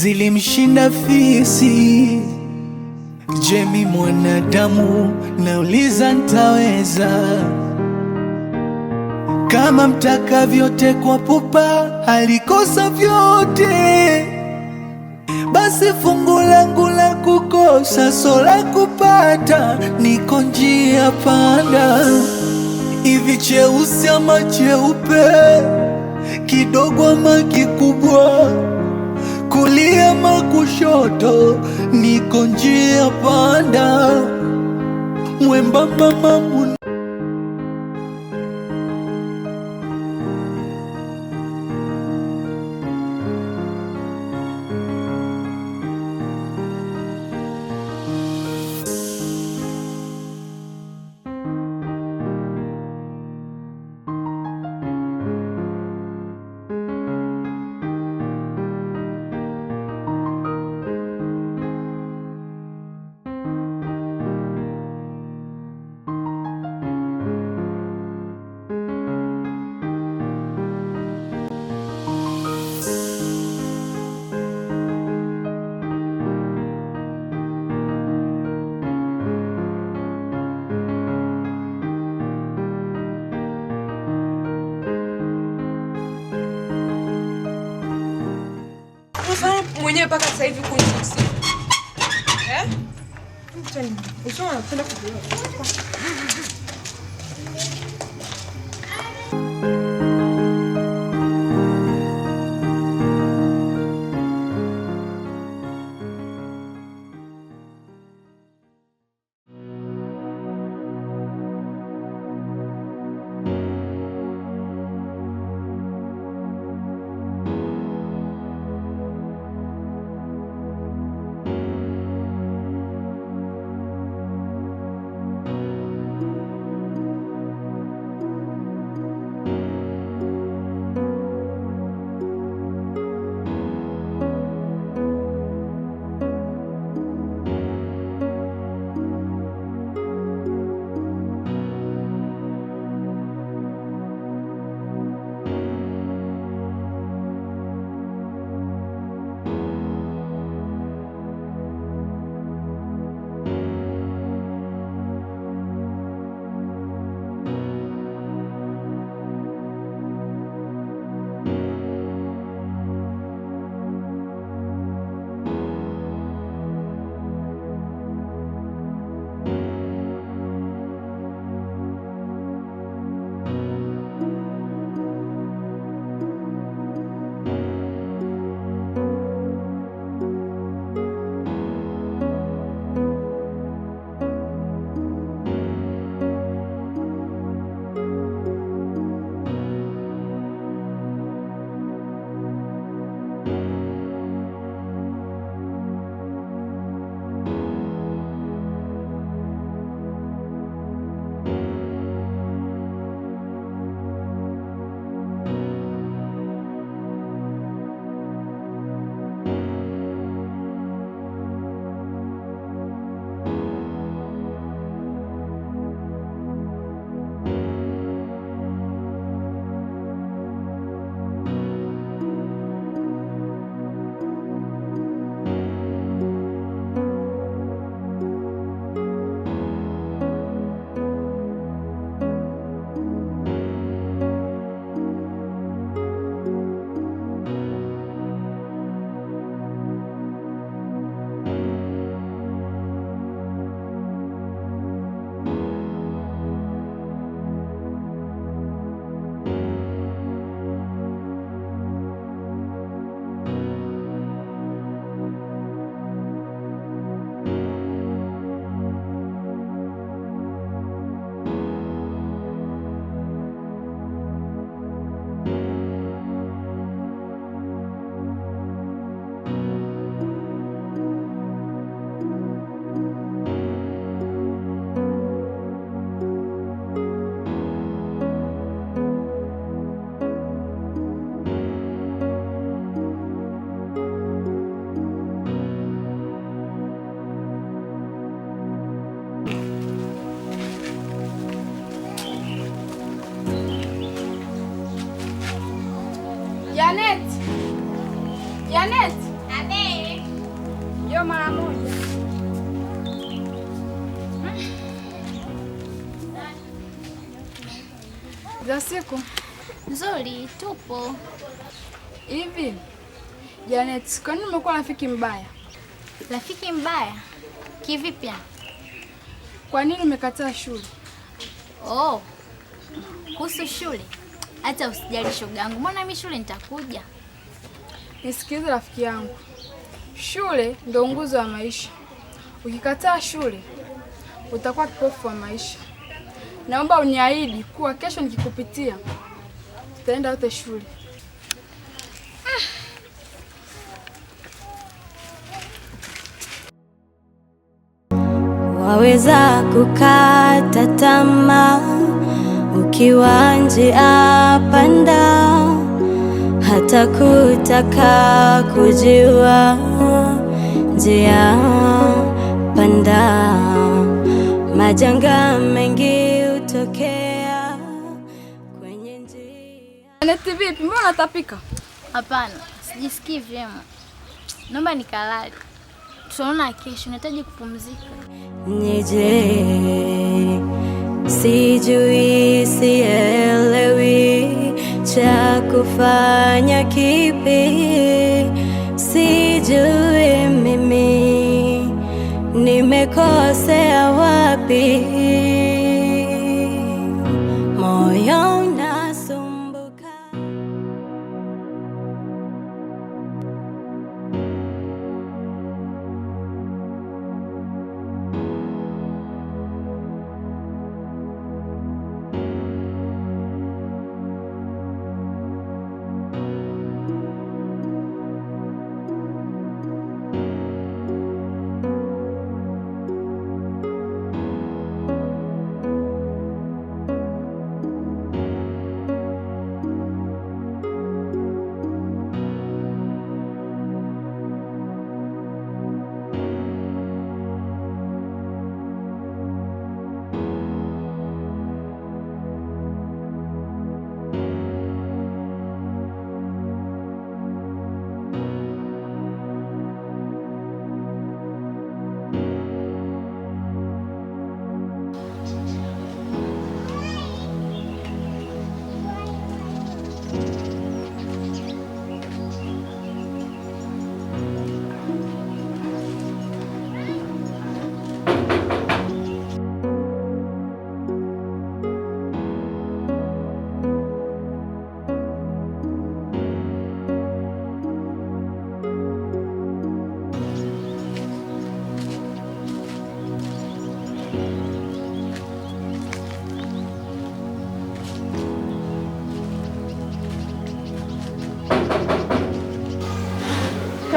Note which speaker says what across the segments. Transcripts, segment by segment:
Speaker 1: zilimshinda fisi. Je, mi mwanadamu nauliza ntaweza? Kama mtaka vyote kwa pupa alikosa vyote, basi fungu langu la kukosa so la kupata, niko njia panda, ivi cheusi ama cheupe, kidogo ama kikubwa kulia kushoto niko njia panda mwembamba mamu
Speaker 2: Mwenyewe mpaka sasa hivi uko nje usiku. Eh? Mtani. Ushaona unapenda kujua. hapo. Hivi Janet, kwa nini umekuwa rafiki mbaya?
Speaker 3: Rafiki mbaya kivipya
Speaker 2: Kwa nini umekataa shule?
Speaker 3: Oh, kuhusu shule, hata usijali shoga yangu, mbona mimi shule nitakuja.
Speaker 2: Nisikilize rafiki yangu, shule ndo nguzo wa maisha. Ukikataa shule utakuwa kipofu wa maisha. Naomba uniahidi kuwa kesho nikikupitia tutaenda wote shule.
Speaker 4: Waweza kukata tamaa ukiwa njia panda, hata kutaka kujua njia panda, majanga mengi
Speaker 2: Uneti vipi? Mbona natapika?
Speaker 3: Hapana, sijisikii vyema. Naomba nikalale. Tutaona kesho, nahitaji kupumzika.
Speaker 4: Nije sijui, sielewi cha kufanya kipi, sijui mimi nimekosea wapi.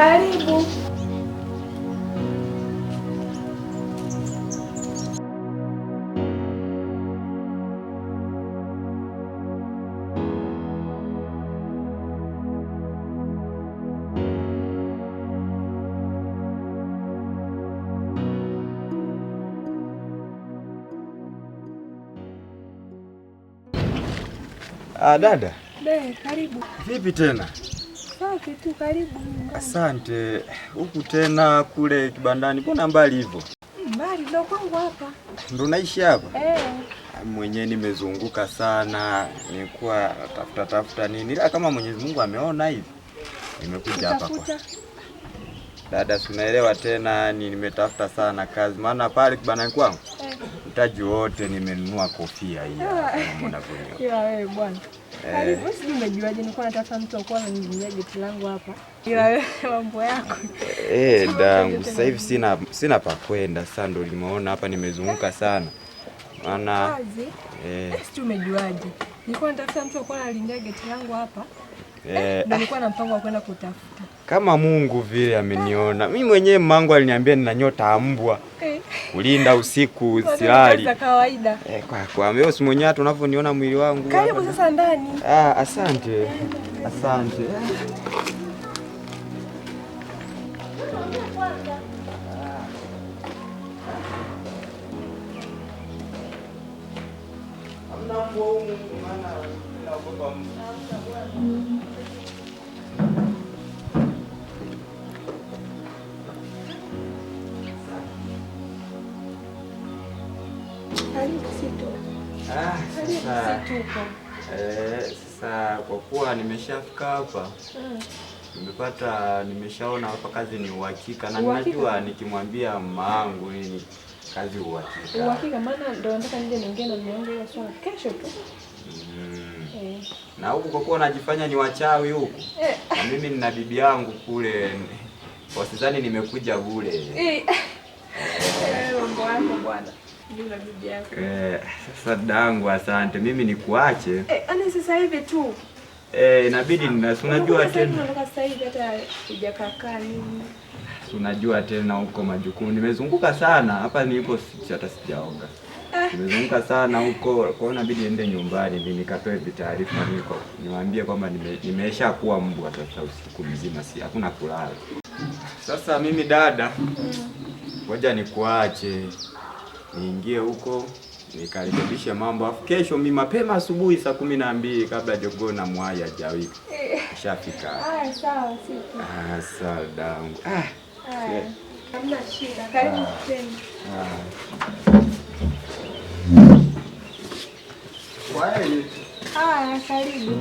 Speaker 2: Karibu. Ah, dada. Be, karibu.
Speaker 5: Vipi tena?
Speaker 2: kwake tu karibu.
Speaker 5: Asante. Huku tena kule kibandani, mbona mbali hivyo?
Speaker 2: Mbali ndo kwangu hapa.
Speaker 5: Ndio naishi hapa? Eh. Mwenyewe nimezunguka sana, nilikuwa tafuta tafuta nini, ila kama Mwenyezi Mungu ameona hivi nimekuja hapa kwa dada, sunaelewa tena, ni nimetafuta sana kazi, maana pale kibandani kwangu eh. mtaji wote nimenunua kofia hii,
Speaker 2: unavyoiona. Ah. Ya bwana Eh. Sijui umejuaje, nilikuwa natafuta mtu akuwa ananizungumzia geti langu hapa, ila wewe mambo yako.
Speaker 5: Eh, dangu sasa hivi sina sina pa kwenda sasa, ndo limeona hapa nimezunguka eh. sana
Speaker 2: maana. Eh. Sijui umejuaje, nilikuwa natafuta mtu akuwa analindia geti langu hapa Eh, eh nilikuwa na mpango wa kwenda kutafuta
Speaker 5: kama Mungu vile ameniona mimi mwenyewe, mangu aliniambia nina nyota ambwa kulinda usiku silali
Speaker 2: kwa kawaida
Speaker 5: eh, kwa kwa mimi si mwenyewe hata unavyoniona mwili wangu.
Speaker 2: Karibu sasa ndani.
Speaker 5: Ah, asante asante. Ah, eh, sasa kwa kuwa nimeshafika hapa mm. Nimepata, nimeshaona hapa kazi ni uhakika, na ninajua nikimwambia mamangu nini kazi uhakika,
Speaker 2: uhakika, maana ndio nataka nje niongee na mume wangu kesho tu hmm.
Speaker 5: eh. na huku kwa kuwa najifanya ni wachawi huku eh. na mimi nina bibi yangu kule, wasizani nimekuja bule
Speaker 2: Mambo yako bwana. Eh,
Speaker 5: sasa dadangu, asante. Mimi nikuache
Speaker 2: eh, yaani sasa hivi tu
Speaker 5: eh, inabidi nina, unajua tena unajua tena huko majukumu, nimezunguka sana hapa niko hata sijaoga eh. nimezunguka sana huko, kwa hiyo inabidi ende nyumbani mimi nikatoe vitaarifa niko niwaambie kwamba nime, kuwa mbwa sasa usiku mzima, si hakuna kulala. Sasa mimi dada, mm. ngoja nikuache niingie huko nikarekebishe mambo, afu kesho mi mapema asubuhi saa kumi na mbili kabla jogo na mwaya jawi eh. shafika. Ah, sawa ah, sawa
Speaker 2: Ah, shida, karibu ah. tena. Ah, karibu.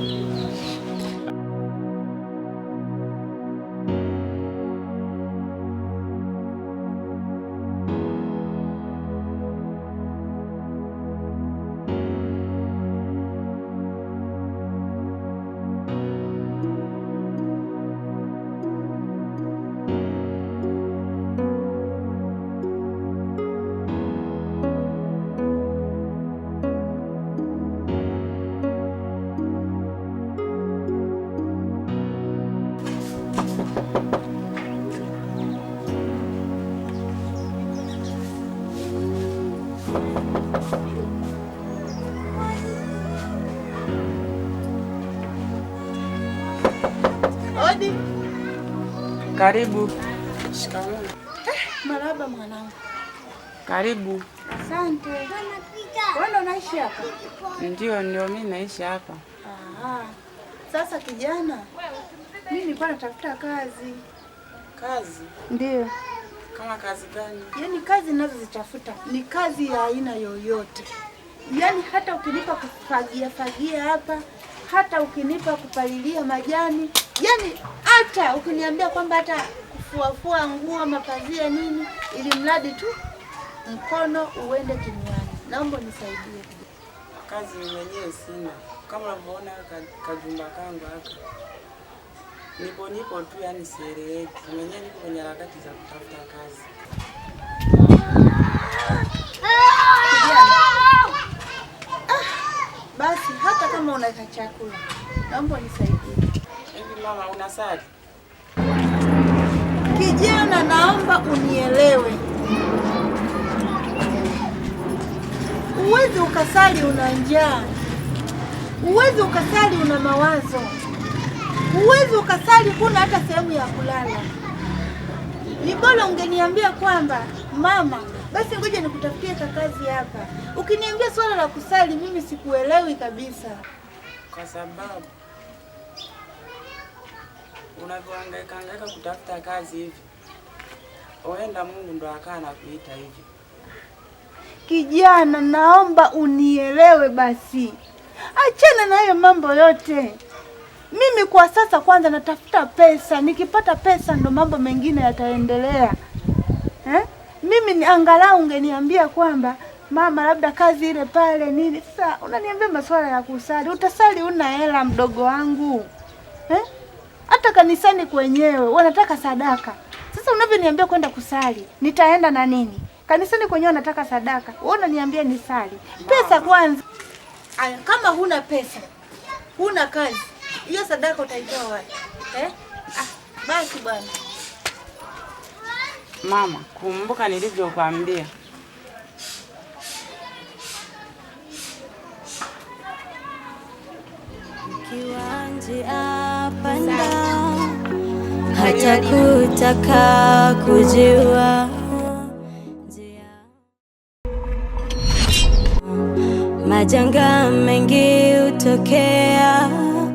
Speaker 2: Odi. Karibu. Shikamoo. Eh, marahaba mwanangu. Karibu. Asante. Wewe ndo unaishi hapa?
Speaker 6: Ndio, ndio mimi naishi hapa.
Speaker 2: Sasa kijana, mimi nilikuwa natafuta kazi. Kazi? Ndio.
Speaker 6: Kama kazi gani?
Speaker 2: Yaani kazi ninazozitafuta ni kazi ya aina yoyote, yaani hata ukinipa kufagia fagia hapa, hata ukinipa kupalilia majani, yaani hata ukiniambia kwamba hata kufuafua nguo, mapazia, nini, ili mradi tu mkono uende kinywani. Naomba nisaidie.
Speaker 6: Kazi mwenyewe sina, kama unavyoona kajumba kangu haka Niko niko tu yani sere mwenye niko kwenye harakati za kutafuta kazi.
Speaker 2: Ah, basi hata kama unaweka chakula, naomba nisaidie.
Speaker 6: Hivi mama una sari?
Speaker 2: Kijana, naomba unielewe. Uwezi ukasali una njaa. Uwezi ukasali una mawazo. Uwezi ukasali kuna hata sehemu ya kulala. Ni bora ungeniambia kwamba mama, basi ngoja nikutafutie kakazi hapa. Ukiniambia swala la kusali, mimi sikuelewi kabisa,
Speaker 6: kwa sababu unavyoangaika angaika kutafuta kazi hivi, oenda Mungu ndo akaa na kuita hivi.
Speaker 2: Kijana, naomba unielewe basi, achana na hayo mambo yote. Mimi kwa sasa kwanza natafuta pesa, nikipata pesa ndo mambo mengine yataendelea eh? Mimi ni angalau ungeniambia kwamba mama, labda kazi ile pale nini. Sasa unaniambia masuala ya kusali, utasali una hela mdogo wangu eh? Hata kanisani kwenyewe wanataka sadaka. Sasa unavyoniambia kwenda kusali, nitaenda na nini? Kanisani kwenyewe wanataka sadaka, wewe unaniambia nisali. Pesa kwanza. kama huna pesa huna kazi hiyo sadaka utaitoa wapi? Eh? Ah, basi bwana.
Speaker 6: Mama, kumbuka nilivyokuambia. Ukiwa hapa
Speaker 4: hata kutaka kujua majanga mengi hutokea.